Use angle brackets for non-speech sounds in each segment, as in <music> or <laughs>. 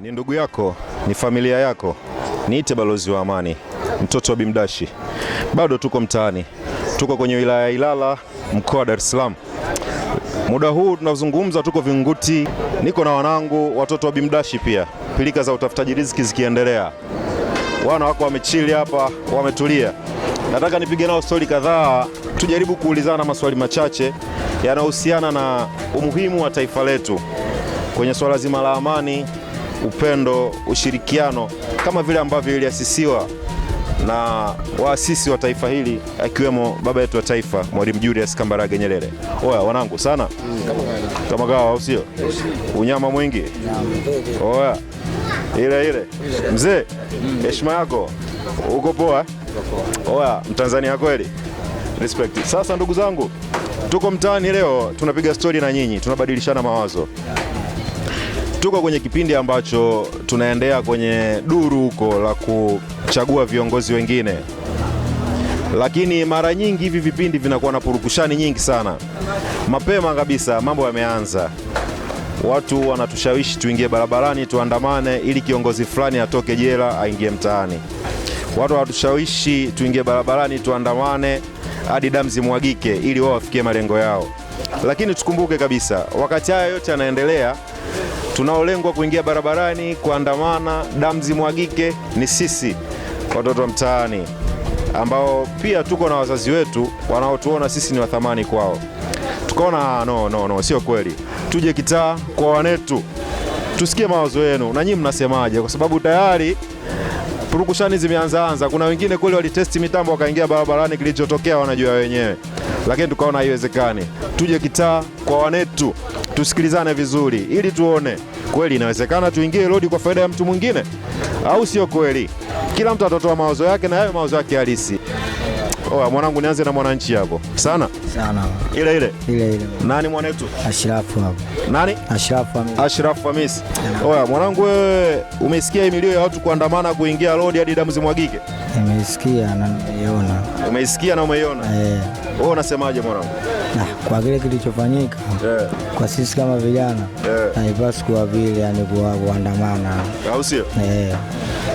Ni ndugu yako, ni familia yako. Niite balozi wa amani, mtoto wa Bimdashi. Bado tuko mtaani, tuko kwenye wilaya ya Ilala, mkoa wa Dar es Salaam. Muda huu tunazungumza, tuko Vingunguti, niko na wanangu watoto wa Bimdashi pia, pilika za utafutaji riziki zikiendelea. Wana wako wamechili hapa, wametulia. Nataka nipige nao stori kadhaa, tujaribu kuulizana maswali machache yanayohusiana na umuhimu wa taifa letu kwenye swala zima la amani upendo, ushirikiano kama vile ambavyo iliasisiwa na waasisi wa taifa hili akiwemo baba yetu wa taifa Mwalimu Julius Kambarage Nyerere. Oya wanangu sana kama kawa, au sio? Unyama mwingi. Oya ile ile mzee, heshima yako, uko poa? Oya Mtanzania kweli, respect. Sasa ndugu zangu, tuko mtaani leo, tunapiga stori na nyinyi, tunabadilishana mawazo Tuko kwenye kipindi ambacho tunaendea kwenye duru huko la kuchagua viongozi wengine, lakini mara nyingi hivi vipindi vinakuwa na purukushani nyingi sana. Mapema kabisa mambo yameanza, watu wanatushawishi tuingie barabarani tuandamane ili kiongozi fulani atoke jela aingie mtaani. Watu wanatushawishi tuingie barabarani tuandamane hadi damu zimwagike ili wao wafikie malengo yao. Lakini tukumbuke kabisa, wakati haya yote yanaendelea, tunaolengwa kuingia barabarani kuandamana, damu zimwagike, ni sisi watoto wa mtaani ambao pia tuko na wazazi wetu wanaotuona sisi ni wathamani kwao, tukaona ah, no, no, no, sio kweli. Tuje kitaa kwa wanetu, tusikie mawazo yenu na nyinyi mnasemaje, kwa sababu tayari purukushani zimeanzaanza. Kuna wengine kweli walitesti mitambo wakaingia barabarani, kilichotokea wanajua wenyewe lakini tukaona haiwezekani. Tuje kitaa kwa wanetu, tusikilizane vizuri, ili tuone kweli inawezekana tuingie lodi kwa faida ya mtu mwingine, au sio kweli? Kila mtu atatoa mawazo yake na yawe mawazo yake halisi. Oya, mwanangu, nianze na mwananchi hapo sana sana, ile ile ile ile. Nani mwanetu? Ashrafu hapo. Nani? Ashrafu Hamisi. Ashrafu Hamisi. Oya mwanangu, wewe umesikia milio ya watu kuandamana kuingia lodi hadi damu zimwagike? Nimeisikia na nimeiona. Umeisikia na umeiona? Eh. Wewe unasemaje mwanangu? na kwa kile kilichofanyika yeah. Kwa sisi kama vijana yeah. Haipaswi kuwa vile, yani kuandamana, au sio? Eh,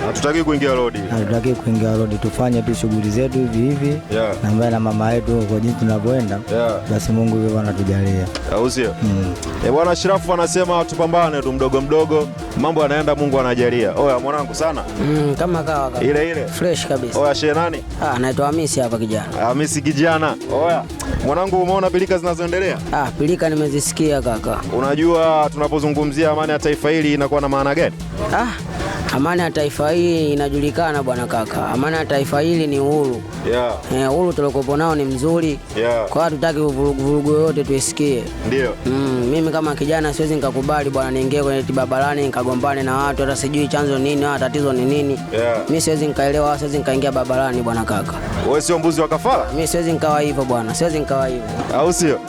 hatutaki kuingia rodi, hatutaki kuingia rodi, tufanye tu shughuli zetu hivi hivi yeah. Na mbaya na mama yetu kwa jinsi tunavyoenda yeah. Basi Mungu hivyo anatujalia, au sio? mm. Eh, bwana Shirafu anasema tupambane tu mdogo mdogo, mambo yanaenda, Mungu anajalia. Oya mwanangu sana mm, kama kawa kama. Ile ile fresh kabisa. Oya shehe nani? Ah, anaitwa Hamisi hapa kijana. Hamisi kijana. Oya mwanangu umeona unaona pilika zinazoendelea? Ah, pilika nimezisikia kaka. Unajua tunapozungumzia amani ya taifa hili inakuwa na maana gani? Ah, Amani ya taifa hili inajulikana bwana kaka, amani ya taifa hili ni uhuru yeah. Eh, uhuru tulikopo nao ni mzuri yeah. Kwa hiyo hatutaki vurugu yoyote tuisikie, ndio mm, mimi kama kijana siwezi nikakubali bwana niingie kwenye barabarani nikagombane na watu hata sijui chanzo nini au tatizo ni nini yeah. Mimi siwezi nikaelewa, siwezi nikaingia barabarani bwana kaka. Wewe sio mbuzi wa kafara? Mimi siwezi nikawa hivyo bwana, siwezi nikawa hivyo, au sio?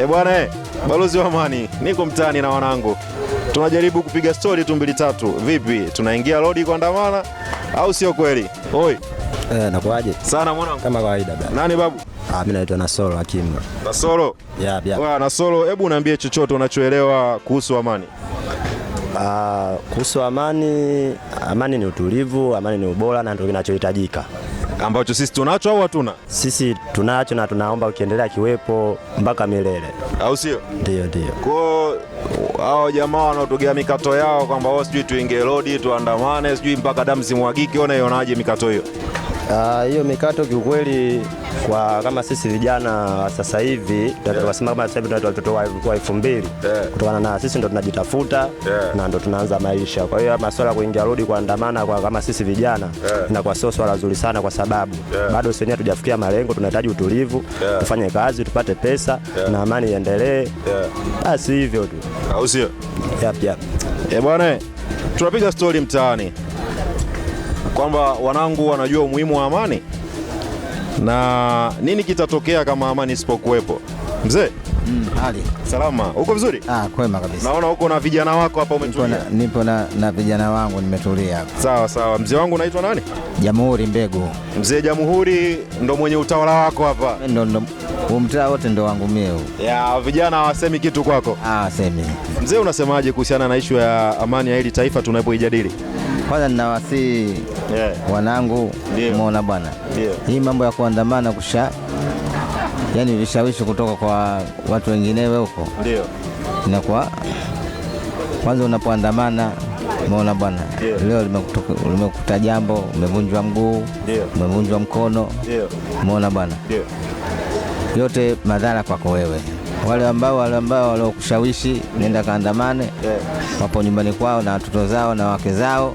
Eh bwana, eh balozi wa amani, niko mtaani na wanangu tunajaribu kupiga stori tu mbili tatu. Vipi, tunaingia lodi kuandamana au sio kweli? Oi eh, nakuaje sana mwanangu? Kama kawaida bwana. Nani babu? Ah, mimi naitwa Nasoro Hakim. Nasoro? Yap, yap. Wewe Nasoro, hebu niambie chochote unachoelewa kuhusu amani. Ah, kuhusu amani, amani ni utulivu, amani ni ubora na ndio kinachohitajika ambacho sisi tunacho au hatuna? Sisi tunacho na tunaomba ukiendelea kiwepo mpaka milele, au sio? Ndio, ndio. Kwa hao jamaa wanaotogea mikato yao kwamba wao sijui tuingie rodi tuandamane sijui mpaka damu zimwagike, ona ionaje mikato hiyo? Ah, hiyo uh, mikato kiukweli, kwa kama sisi vijana sasa hivi tunasema kama sasa hivi tuna watoto wa elfu mbili kutokana na sisi ndo tunajitafuta yeah. na ndo tunaanza maisha. Kwa hiyo masuala ya kuingia rudi kuandamana kwa kama sisi vijana yeah. inakuwa sio swala zuri sana, kwa sababu yeah. bado sisi hatujafikia malengo. Tunahitaji utulivu yeah. tufanye kazi tupate pesa yeah. na amani iendelee, basi yeah. hivyo tu, au sio? yep, yep. E eh, bwana, tunapiga stori mtaani kwamba wanangu wanajua umuhimu wa amani na nini kitatokea kama amani isipokuwepo. Mzee mm, salama, uko vizuri? Ah, kwema kabisa. Naona uko na vijana wako hapa umetulia. Nipo na, na vijana wangu nimetulia hapa. Sawa sawa. Mzee wangu unaitwa nani? Jamhuri Mbegu. Mzee Jamhuri ndo mwenye utawala wako hapa? Ndo, ndo umtaa wote ndo wangu mie huu. Ya vijana hawasemi kitu kwako? Ah, semi. Mzee, unasemaje kuhusiana na ishu ya amani ya hili taifa tunapoijadili? Kwanza ninawasihi yeah. wanangu yeah. bwana yeah. hii mambo ya kuandamana kusha, yani vishawishi kutoka kwa watu wenginewe huko yeah. inakuwa kwanza unapoandamana Umeona bwana yeah. Leo limekuta jambo, umevunjwa mguu yeah. umevunjwa mkono yeah. Umeona bwana yeah. Yote madhara kwako wewe wale ambao wale ambao waliokushawishi nenda kaandamane, yeah. wapo nyumbani kwao na watoto zao na wake zao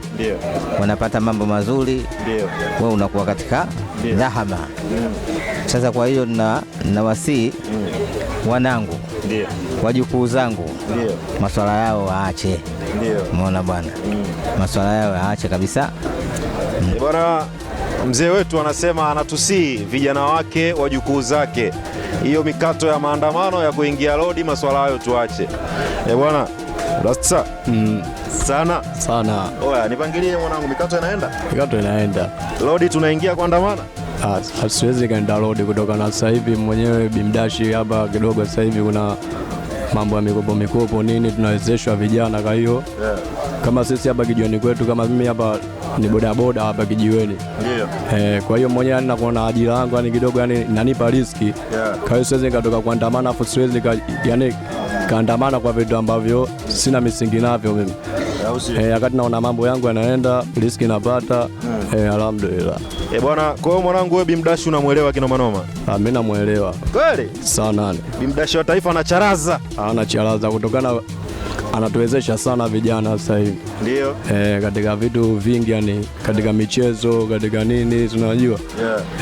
wanapata mambo mazuri we wewe unakuwa katika dhahama mm. Sasa kwa hiyo na, na wasii mm. wanangu wajukuu zangu maswala yao waache, umeona bwana mm. maswala yao waache kabisa mm. Bwana mzee wetu anasema, anatusii vijana wake wajukuu zake hiyo mikato ya maandamano ya kuingia lodi, masuala hayo tuache. Eh bwana rasta mm. sana sana. Oya, nipangilie mwanangu, mikato inaenda, mikato inaenda, lodi tunaingia kuandamana ah, Hatuwezi kaenda lodi kutoka na sasa hivi mwenyewe bimdashi hapa kidogo, sasa hivi kuna mambo ya mikopo mikopo nini, tunawezeshwa vijana. Kwa hiyo kama sisi hapa kijiweni kwetu, kama mimi hapa ni bodaboda hapa kijiweni yeah. E, kwa hiyo mmoja yani nakuona ajira yangu yani kidogo yani nanipa riski yeah. kwa hiyo siwezi nikatoka kuandamana afu siwezi yani kaandamana kwa vitu ambavyo sina misingi navyo mimi yeah, eh, wakati naona mambo yangu yanaenda riski napata Eh, alhamdulillah. Eh, bwana, kwa hiyo mwanangu wewe Bimdashi unamwelewa kina Manoma? Ah, mimi namwelewa. Kweli? Sana nani. Bimdashi wa taifa anacharaza. Anacharaza kutokana anatuwezesha sana vijana sasa hivi. Ndio. Eh, katika vitu vingi yani katika michezo, katika nini tunajua.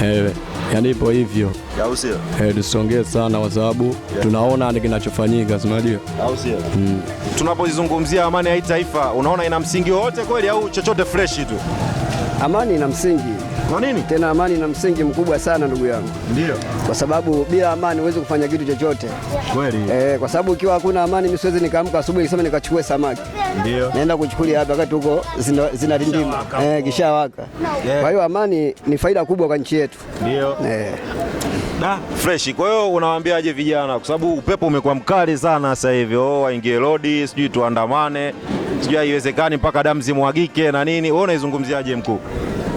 Yeah. Eh, yani ipo hivyo. Au sio? Eh, tusongee sana kwa sababu yeah, tunaona ni kinachofanyika, unajua. Au sio? Mm. Tunapozizungumzia amani ya taifa, unaona ina msingi wowote kweli au chochote fresh tu? Amani ina msingi. Kwa nini? Tena amani ina msingi mkubwa sana ndugu yangu. Ndio. Kwa sababu bila amani huwezi kufanya kitu chochote. Kweli. Eh, kwa sababu ikiwa hakuna amani mimi siwezi nikaamka asubuhi nisema nikachukue samaki. Ndio. Naenda kuchukulia hapa wakati huko zinarindima. Eh, kishawaka. waka. Yeah. Kwa hiyo amani ni faida kubwa kwa nchi yetu. Ndio. Eh. Da, freshi. Kwa hiyo unawaambiaje vijana kwa sababu upepo umekuwa mkali sana sasa hivi. Oh, waingie rodi sijui tuandamane sijui haiwezekani mpaka damu zimwagike na nini. Wewe unaizungumziaje mkuu?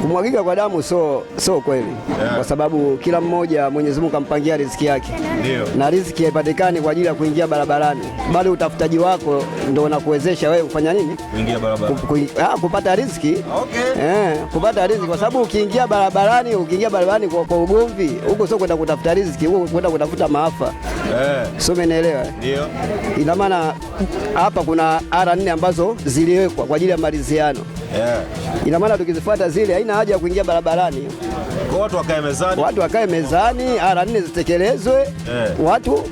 Kumwagika kwa damu so, so kweli yeah. Kwa sababu kila mmoja Mwenyezi Mungu kampangia riziki yake Ndio. na riziki haipatikani kwa ajili ya kuingia barabarani, bali utafutaji wako ndio unakuwezesha wewe kufanya nini, kuingia barabarani. Ku, ku, ah, kupata riziki okay. Eh, kupata riziki kwa sababu ukiingia barabarani, ukiingia barabarani kwa, kwa ugomvi huko, sio kwenda kutafuta riziki, huko kwenda kutafuta maafa yeah. So umenielewa? Ndio. Ina maana hapa kuna ara nne ambazo ambazo ziliwekwa kwa ajili ya maliziano yeah. Ina maana tukizifuata zile haina haja ya kuingia barabarani watu wakae mezani, watu wakae mezani, ara nne zitekelezwe yeah. watu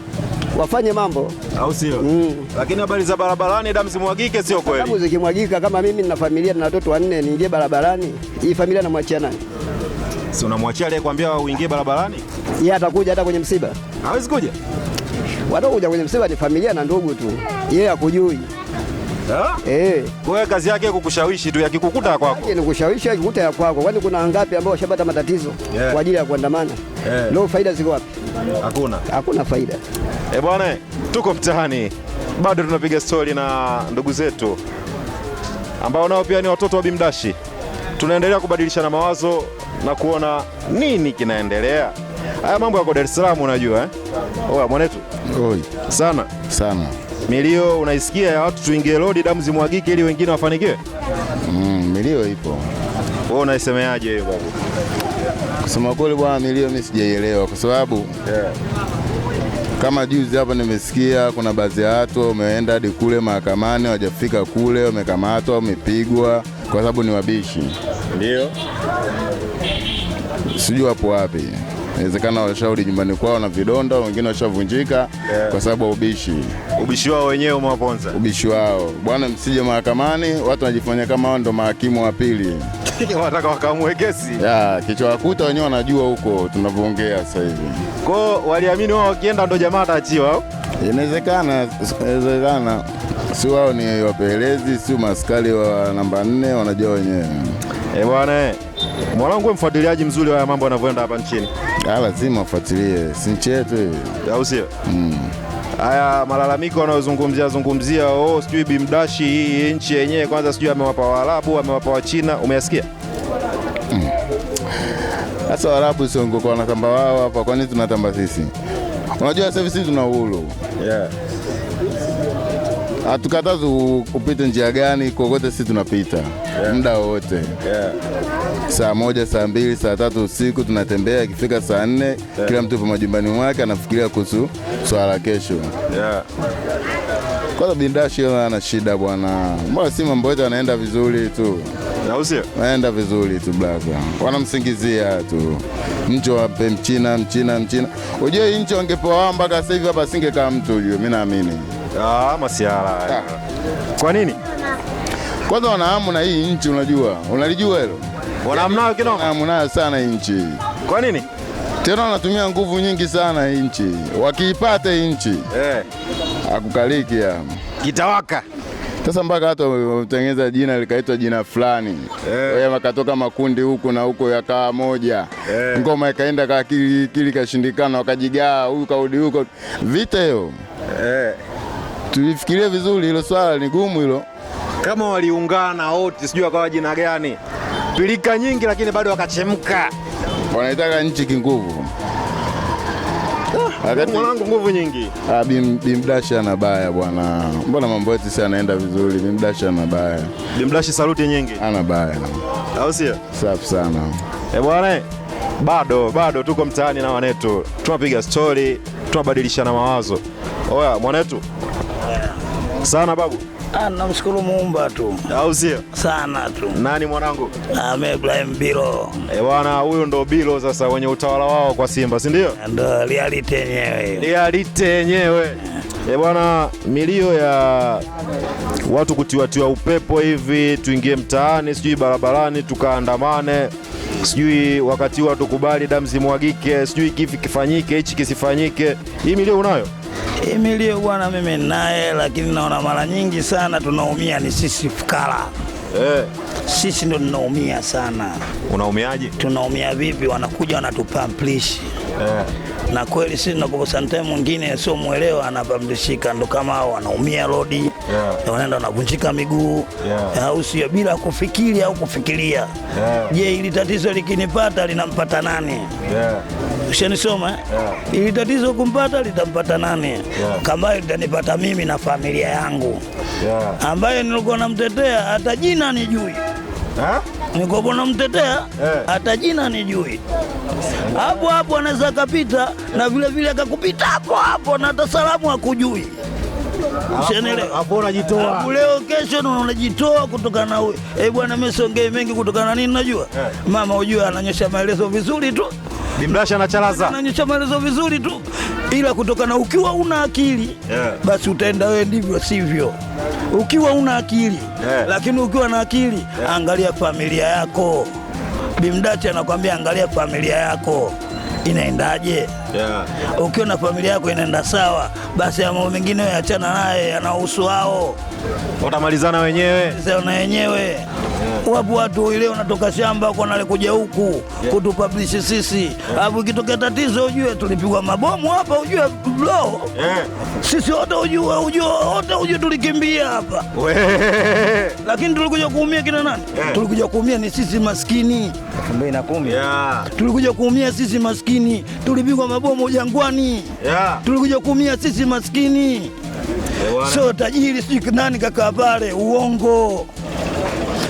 wafanye mambo au sio? Mm. Lakini habari za barabarani, damu zimwagike, sio kweli? Damu zikimwagika, kama mimi nina familia na watoto wanne, niingie barabarani, hii familia namwachia nani? Si unamwachia aliyekwambia uingie barabarani? Yeye atakuja hata kwenye msiba? Hawezi kuja. Watakuja kwenye msiba ni familia na ndugu tu, yeye akujui. Eh. Kwa eh. kazi yake kukushawishi tu yakikukuta kwako. Nikushawishi yakikuta ya kwako. Kwani kuna angapi ambao washapata matatizo yeah. kwa ajili ya kuandamana? Yeah. Leo faida ziko wapi? Hakuna. Hakuna faida. Eh, bwana, tuko mtaani. Bado tunapiga stori na ndugu zetu ambao nao pia ni watoto wa Bimdashi. Tunaendelea kubadilishana mawazo na kuona nini kinaendelea. Haya mambo yako Dar es Salaam unajua eh? Oa mwanetu. Oi. Sana. Sana. Milio unaisikia ya watu tuingie lodi, damu zimwagike ili wengine wafanikiwe? Mm, milio ipo. Wewe unaisemeaje hiyo babu? Kusema kweli bwana, milio mimi sijaielewa kwa sababu yeah. Kama juzi hapa nimesikia kuna baadhi ya watu wameenda hadi kule mahakamani, wajafika kule, wamekamatwa, wamepigwa kwa sababu ni wabishi. Ndio sijui wapo wapi inawezekana washauri nyumbani kwao na vidonda, wengine washavunjika yeah. kwa sababu ubishi, ubishi wao wenyewe umewaponza ubishi wao. Bwana, msije mahakamani, watu wanajifanya kama wao ndo mahakimu wa pili <laughs> wanataka wakamue kesi yeah, kichwa wakuta wenyewe wanajua huko tunavyoongea sasa hivi. Kwao waliamini wao wakienda ndo jamaa ataachiwa, inawezekana, inawezekana si wao ni wapelelezi, si maskari wa namba nne, wanajua wenyewe. Eh bwana, eh, mwanangu mfuatiliaji mzuri wa mambo yanavyoenda hapa nchini. Ah, lazima ufuatilie si nchi yetu hii, au sio? Hmm. Haya malalamiko wanayozungumzia zungumzia, oh, sijui bimdashi hii nchi yenyewe kwanza, sijui amewapa Waarabu, amewapa Wachina, umeyasikia? Sasa hmm. Waarabu sio ngoko wanatamba wao hapa, kwani tunatamba sisi? Unajua sasa hivi sisi tuna uhuru yeah hatukatazi ah, upite njia gani, kokote sisi tunapita yeah. muda wote yeah. saa moja, saa mbili, saa tatu usiku tunatembea. Ikifika saa nne yeah. kila mtu yupo majumbani mwake anafikiria kuhusu swala la kesho yeah. Kwanza bindashi ana shida bwana, mbona si mambo yote anaenda vizuri tu, naenda vizuri tu blaza, wanamsingizia tu mcho wape mchina mchina mchina. Ujue nchi wangepewa wao mpaka sasa hivi hapa singekaa mtu. Ujue mimi naamini Ah, masiara. Ah. Kwa nini? Kwanza wanahamu na hii nchi, unajua unalijua hilo, wanahamu kinoma, wanahamu nayo sana hii nchi. Kwa nini? Tena wanatumia nguvu nyingi sana hii nchi, wakiipata hii nchi eh, akukaliki kitawaka sasa mpaka hata wametengeneza jina likaitwa jina fulani yeah. Wakatoka makundi huku na huko kaa moja yeah. Ngoma ikaenda kakili kashindikana, wakajigaa huyu kaudi huko, vita hiyo eh tulifikiria vizuri hilo swala, ni gumu hilo. Kama waliungana wote, sijui wakawa jina gani, pilika nyingi, lakini bado wakachemka. Wanaitaka nchi kinguvu ah, mwanangu nguvu nyingi. Ah, Bimdash ana baya bwana, mbona mambo yetu si anaenda vizuri? Bimdash ana baya. Bimdash saluti nyingi, ana baya, au sio? Safi sana. Eh bwana, eh, bado bado tuko mtaani na wanetu, tunapiga stori tunabadilishana mawazo. Oya mwanetu sana babu. Ah, namshukuru Muumba tu, au sio? Sana tu. Nani mwanangu? mimi Ibrahim Bilo. Eh, bwana huyu ndo Bilo sasa wenye utawala wao kwa Simba, si ndio? Ah, ndio reality yenyewe. Reality yenyewe. Eh, bwana milio ya watu kutiwatiwa upepo hivi tuingie mtaani sijui barabarani tukaandamane sijui wakati huo hatukubali damu zimwagike, sijui kifi kifanyike, hichi kisifanyike. Hii milio unayo? Hii milio bwana, mimi naye, lakini naona mara nyingi sana tunaumia ni sisi fukara eh. Sisi ndo tunaumia sana. Unaumiaje? Tunaumia vipi? Wanakuja wanatupamplishi Eh. Na kweli sisi nakusantae mwingine sio muelewa, anapamdishika ndo kama hao wanaumia rodi, wanaenda wanavunjika miguu eh, au sio, bila kufikiri au kufikiria, je, yeah. ili tatizo likinipata linampata nani? yeah. Ushanisoma yeah. ili tatizo kumpata litampata nani? yeah. ambayo litanipata mimi na familia yangu yeah. ambayo nilikuwa namtetea hata jina nijui nikopo mtetea eh. hata jina nijui, hapo hapo anaweza akapita na vilevile akakupita hapo hapo na hata salamu hakujui. Hapo leo kesho unajitoa kutokana na e bwana, mesongee mengi kutokana na nini? Najua eh. mama, ujua ananyesha maelezo vizuri tu, Bimrasha na Chalaza ananyesha maelezo vizuri tu, ila kutokana ukiwa una akili yeah, basi utaenda wewe ndivyo sivyo ukiwa una akili yeah. Lakini ukiwa na akili yeah. Angalia familia yako, bimdati anakwambia angalia familia yako inaendaje yeah. Ukiwa na familia yako inaenda sawa, basi ya mambo mengine yaachana naye, yanahusu wao, watamalizana wenyewe na wenyewe yeah. Wapo watu ile wanatoka shamba huko nalikuja huku yeah. kutupublish sisi alafu yeah. Ikitokea tatizo ujue tulipigwa mabomu hapa, ujue bro yeah. Sisi wote ujue ujue wote ujue tulikimbia hapa lakini tulikuja kuumia kina nani? yeah. Tulikuja kuumia ni sisi maskini 2010 yeah. Tulikuja kuumia sisi maskini tulipigwa mabomu Jangwani, yeah. tulikuja kuumia sisi maskini, yeah, sio tajiri, sijui nani kakaa pale, uongo.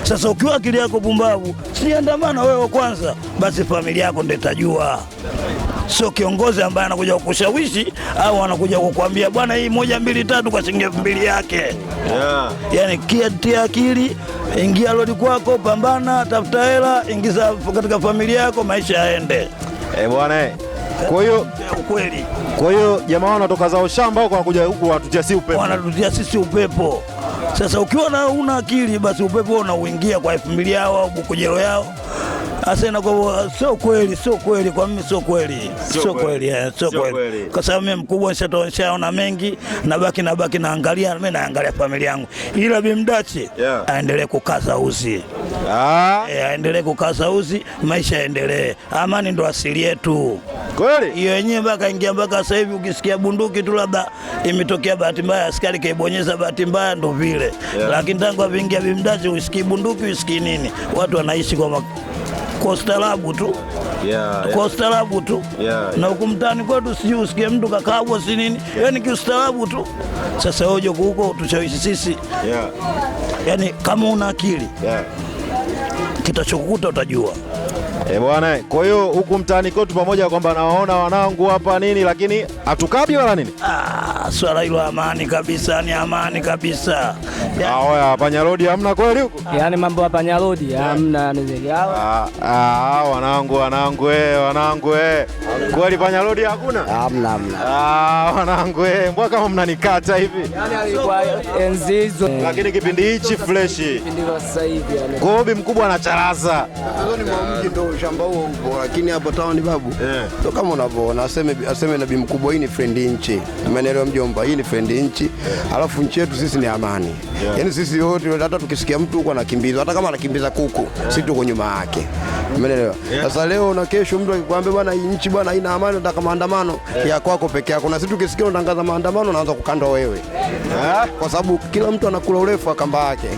Sasa ukiwa akili yako pumbavu, siandamana wewe kwanza, basi familia yako ndio itajua, sio kiongozi ambaye anakuja kukushawishi au anakuja kukwambia bwana, hii moja mbili tatu kwa shilingi elfu mbili yake yeah. Yani kiatia akili, ingia lodi kwako, pambana, tafuta hela, ingiza katika familia yako, maisha yaende. Hey, eh, bwana kwa hiyo ukweli. Kwa hiyo jamaa wanatoka zao shamba huko wanakuja huku wanatutia si upepo. Wanatutia sisi upepo. Sasa ukiwa na una akili basi upepo unauingia kwa familia yao au kujero yao asema kwa sio kweli, sio kweli kwa mimi, sio kweli, sio kweli, eh, sio kweli, kwa sababu mimi mkubwa nishaona mengi, nabaki nabaki naangalia mimi naangalia familia yangu, ila bimdachi yeah. aendelee kukaza uzi ah. E, aendelee kukaza uzi, maisha yaendelee, amani ndo asili yetu kweli. Hiyo yenyewe mpaka ingia mpaka sasa hivi ukisikia bunduki tu labda imetokea bahati mbaya, askari kaibonyeza bahati mbaya, ndo vile yeah. Lakini tangu avingia bimdachi, usikii bunduki usikii nini, watu wanaishi kwa kwa ustaarabu tu yeah, kwa ustaarabu tu yeah, yeah. Na huku mtaani kwetu sijui usikie mtu kakabwa si nini yeah. Yani kiustarabu tu. Sasa wewe huko tushawishi sisi yeah. Yani kama una akili yeah. Kitachokukuta utajua. E bwana, kwa hiyo huku mtaani kwetu pamoja kwamba nawaona wanangu hapa nini, lakini hatukabi wala nini. Ah, swala hilo amani kabisa, ni amani kabisa. Haya, ah, hapa Nyarodi hamna kweli huko? Yaani mambo hapa Nyarodi hamna nzige hawa. Ah, ah, wanangu wanangu eh, wanangu eh. Kweli pa Nyarodi hakuna? Hamna hamna. Ah, wanangu eh, mbona kama mnanikata hivi? Yaani alikuwa enzi hizo. Lakini kipindi hichi fresh. Kipindi sasa hivi yani. Gobi mkubwa anacharaza. Mwanzo ni mwa mji ndo shamba huo upo, lakini hapo town babu, yeah. So kama unavyoona, aseme aseme nabii mkubwa, hii ni frendi nchi, ya mjomba? Hii ni frendi nchi yeah. Alafu nchi yetu sisi ni amani yeah. Yani sisi wote, hata tukisikia mtu huko anakimbiza, hata kama anakimbiza kuku yeah. Sisi tuko nyuma yake Umeelewa? Sasa leo na kesho mtu akikwambia bwana nchi bwana haina amani, nataka maandamano ya kwako peke yako, na sisi tukisikia unatangaza maandamano naanza kukandwa wewe, kwa sababu kila mtu anakula urefu wa kamba yake,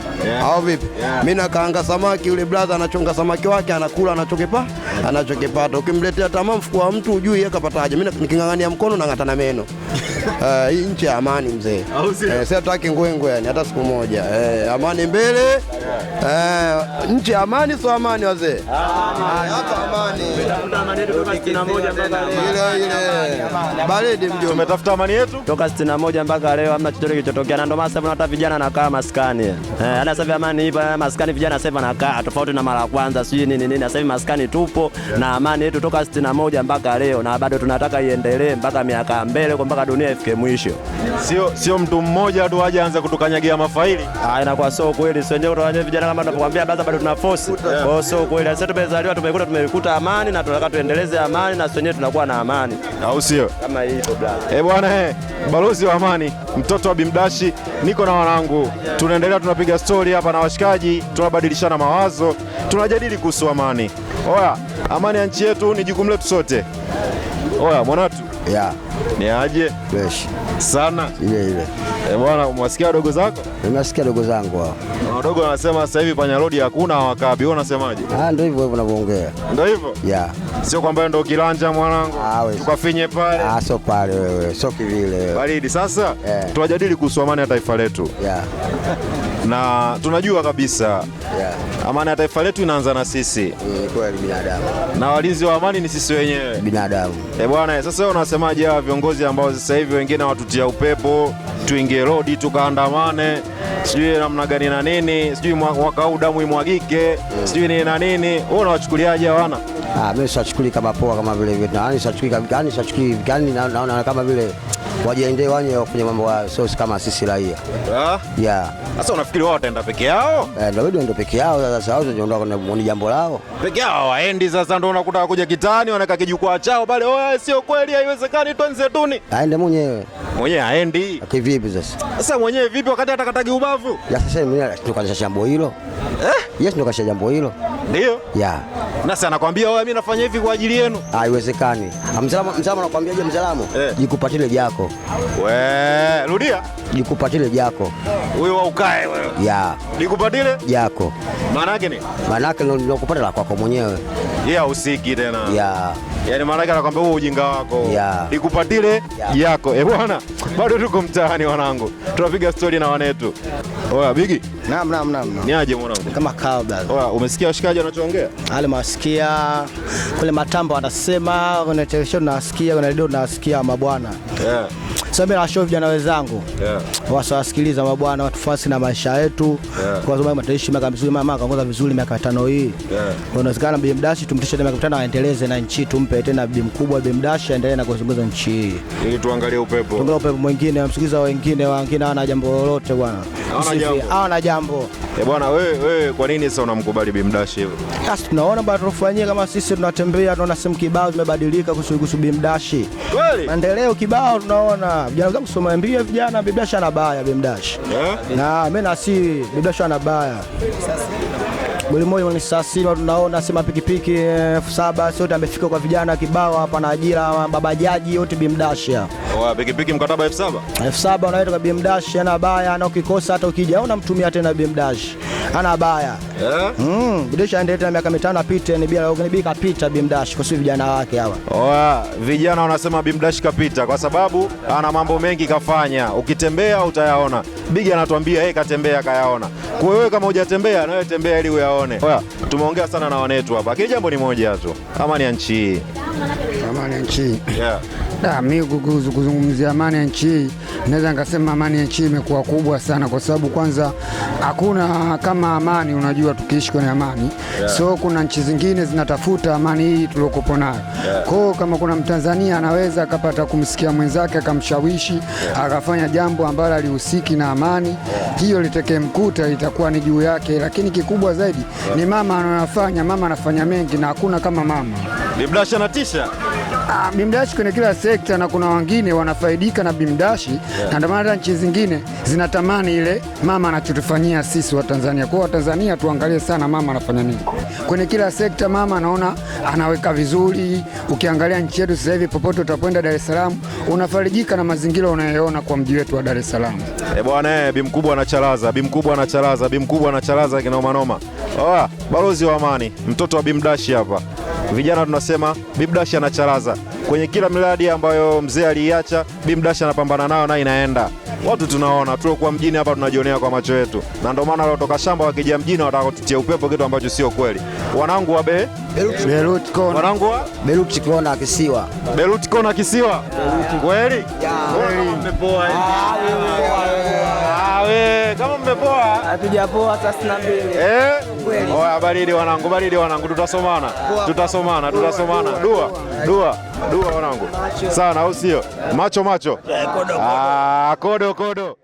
au vipi? Mimi nakaanga samaki, yule brother anachonga samaki wake anakula anachokipa anachokipata. Ukimletea tamaa mfuko wa mtu ujui yeye kapataje. Mimi niking'ang'ania mkono na ng'atana meno. <laughs> Eh, hii nchi ya amani mzee, eh, si hataki ngwengwe yani hata siku moja. eh, Amani mbele, eh, nchi ya amani, sio amani wazee. ah. Baridi mjomba, tumetafuta amani yetu toka 61 mpaka leo, hamna chochote kilichotokea, na ndio maana sasa hata vijana nakaa maskani eh, hata sasa amani ipo eh, maskani, vijana sasa wanakaa tofauti na mara ya kwanza, sijui nini nini. Sasa maskani tupo na amani yetu toka 61 mpaka leo, na bado tunataka iendelee mpaka miaka mbele, kwa mpaka dunia ifike mwisho, sio sio mtu mmoja tu aje anza kutukanyagia mafaili. Ah, inakuwa sio kweli, sio wenyewe vijana kama tunapokuambia, bado tuna force kwao, oh, sio kweli sasa tunazaliwa tumekuta tumekuta amani na tunataka tuendeleze amani na sisi wenyewe tunakuwa na amani, au sio? Kama hivyo bwana. Eh bwana, eh balozi wa amani, mtoto wa Bimdashi, niko na wanangu, tunaendelea tunapiga stori hapa na washikaji, tunabadilishana mawazo, tunajadili kuhusu amani. Oya, amani ya nchi yetu ni jukumu letu sote. Oya mwanatu, yeah. ni aje fresh sana ile ile. E bwana, umewasikia wadogo zako? Nimewasikia wadogo zangu hao. Wadogo wanasema sasa hivi panya road hakuna wakabi. Wewe unasemaje? Ah, ndio hivyo hivyo ninavyoongea. Ndio hivyo? Yeah. Sio kwamba ndio kilanja mwanangu. Ah, Tukafinye pale. Ah, sio pale wewe. Sio kivile Baridi sasa, yeah. Tuwajadili kuhusu amani ya taifa letu. Yeah. <laughs> na tunajua kabisa yeah. Amani ya taifa letu inaanza na sisi kweli binadamu, na walinzi wa amani ni sisi wenyewe binadamu. Eh bwana, sasa wewe unasemaje hawa viongozi ambao sasa hivi wengine watutia upepo, tuingie rodi tukaandamane, sijui namna gani na nini, sijui mwaka huu damu imwagike, mm. sijui nini na nini, wewe unawachukuliaje hawana? Ah, mimi sachukuli kama poa, kama vile vile, yaani yaani yaani naona sachukuli kama naona kama vile wajiendee wanye wafanye mambo ya sosi kama sisi raia. Yeah. Sasa unafikiri wao wataenda peke yao? Eh, ndio wao ndio peke yao sasa hao ndio ni jambo lao. Peke yao waendi sasa ndio unakuta kuja kitani wanaweka kijukwaa chao pale. Oh, sio kweli haiwezekani twenze tuni. Aende mwenyewe. Mwenyewe aendi. Kivipi sasa? Sasa mwenyewe vipi wakati atakataki ubavu? Ya sasa mimi ndio kanisha jambo hilo. Eh? Yes, ndio kanisha jambo hilo. Ndio? Ya. Nasi anakwambia wewe mimi nafanya hivi kwa ajili yenu. Haiwezekani. mzalamo anakuambia anakwambiaje mzalamo? Eh. Jikupatile jako. We, rudia. Jikupatile jako. Huyo wa ukae wewe. Ya. Jikupatile jako. Maana yake nini? Maana yake ndio kupata la kwako mwenyewe. Yeye yeah, usiki tena. ya Yaani maana yake anakwambia wewe ujinga wako. Ya. Jikupatile jako. Eh, bwana bado tuko mtaani wanangu, tunapiga stori na wanetu. Oya Bigi, naam naam naam, ni aje mwanangu? Kama kawa Oya, umesikia washikaji wanachoongea? Ale masikia kule matambo wanasema, kuna televisheni unasikia, kuna redio unasikia mabwana. Yeah niwasamee na vijana wenzangu yeah. Wasawasikiliza mabwana, watufasi na maisha yetu yeah. Kwa sababu mataishi miaka mizuri, mama akaongoza vizuri miaka tano hii yeah. Inawezekana bimdashi tumtishe miaka mitano aendeleze na nchi, tumpe tena bi mkubwa bimdashi aendelee na kuongoza nchi hii, ili tuangalie upepo, tuangalie upepo mwingine, amsikiliza wengine, wengine hawana jambo lolote bwana, hawana jambo Eh, bwana wewe wewe kwa nini sasa unamkubali Bimdash hivyo? Sasa tunaona bwana tunafanyia kama sisi tunatembea tunaona simu kibao zimebadilika kuhusu Bimdash. Kweli? Maendeleo kibao tunaona. Vijana wangu soma mbia vijana Bimdash anabaya Bimdash. Eh? Na mimi na si Bimdash anabaya. Sasa Goli moja walisasiliwa, tunaona sema pikipiki elfu eh, saba sote amefika kwa vijana kibao hapa na ajira baba jaji yote bimdashia Oh, pikipiki mkataba elfu saba elfu saba unaitwa bimdash ana baya na ukikosa hata ukija au unamtumia tena bimdash ana baya Eh? yeah. mm, bidisha endelee na miaka mitano apite ni bila ni bika pita bimdash kwa sababu vijana wake hawa Oh, vijana wanasema bimdash kapita kwa sababu ana mambo mengi kafanya, ukitembea utayaona. Bigi anatuambia yeye katembea kayaona, kwa hiyo kama hujatembea na wewe tembea ili uyaone waone. Tumeongea sana na wanetu hapa, lakini jambo ni moja tu, amani ya nchi hii, amani ya nchi yeah. Ah, mi kuzungumzia amani ya nchi hii, naweza nikasema amani ya nchi hii imekuwa kubwa sana, kwa sababu kwanza hakuna kama amani, unajua tukiishi kwenye amani yeah. So kuna nchi zingine zinatafuta amani hii tuliokopo nayo yeah. Kwao kama kuna Mtanzania anaweza akapata kumsikia mwenzake akamshawishi yeah. akafanya jambo ambalo alihusiki na amani yeah. hiyo litekee mkuta, itakuwa ni juu yake, lakini kikubwa zaidi yeah. ni mama anayofanya, mama anafanya mengi na hakuna kama mama. Ni blasha Ah, bimdashi kwenye kila sekta na kuna wengine wanafaidika na bimdashi yeah. Na ndio maana nchi zingine zinatamani ile mama anachotufanyia sisi wa Tanzania. Kwa Watanzania tuangalie sana mama anafanya nini kwenye kila sekta. Mama anaona anaweka vizuri. Ukiangalia nchi yetu sasa hivi, popote utakwenda Dar es Salaam unafarijika na mazingira unayoona kwa mji wetu wa Dar es Salaam. Eh bwana, eh bimkubwa anacharaza, bimkubwa anacharaza, mkubwa anacharaza kinaoma noma. Oa, balozi wa amani, mtoto wa bimdashi hapa vijana tunasema Bimdash anacharaza kwenye kila miradi ambayo mzee aliiacha, Bimdash anapambana nayo na inaenda. Watu tunaona tuliokuwa mjini hapa tunajionea kwa macho yetu, na ndio maana waliotoka shamba wakija mjini watakaotutia upepo, kitu ambacho sio kweli. Wanangu wa be Beirut kona, wanangu wa Beirut kona kisiwa, Beirut kona kisiwa, kweli kama mmepoa, hatujapoa 32 eh Oya, baridi wanangu, baridi wanangu, tutasomana, tutasomana, tutasomana. Dua, dua, dua wanangu sana, au sio? Macho macho, eh, kodo kodo, ah, kodo.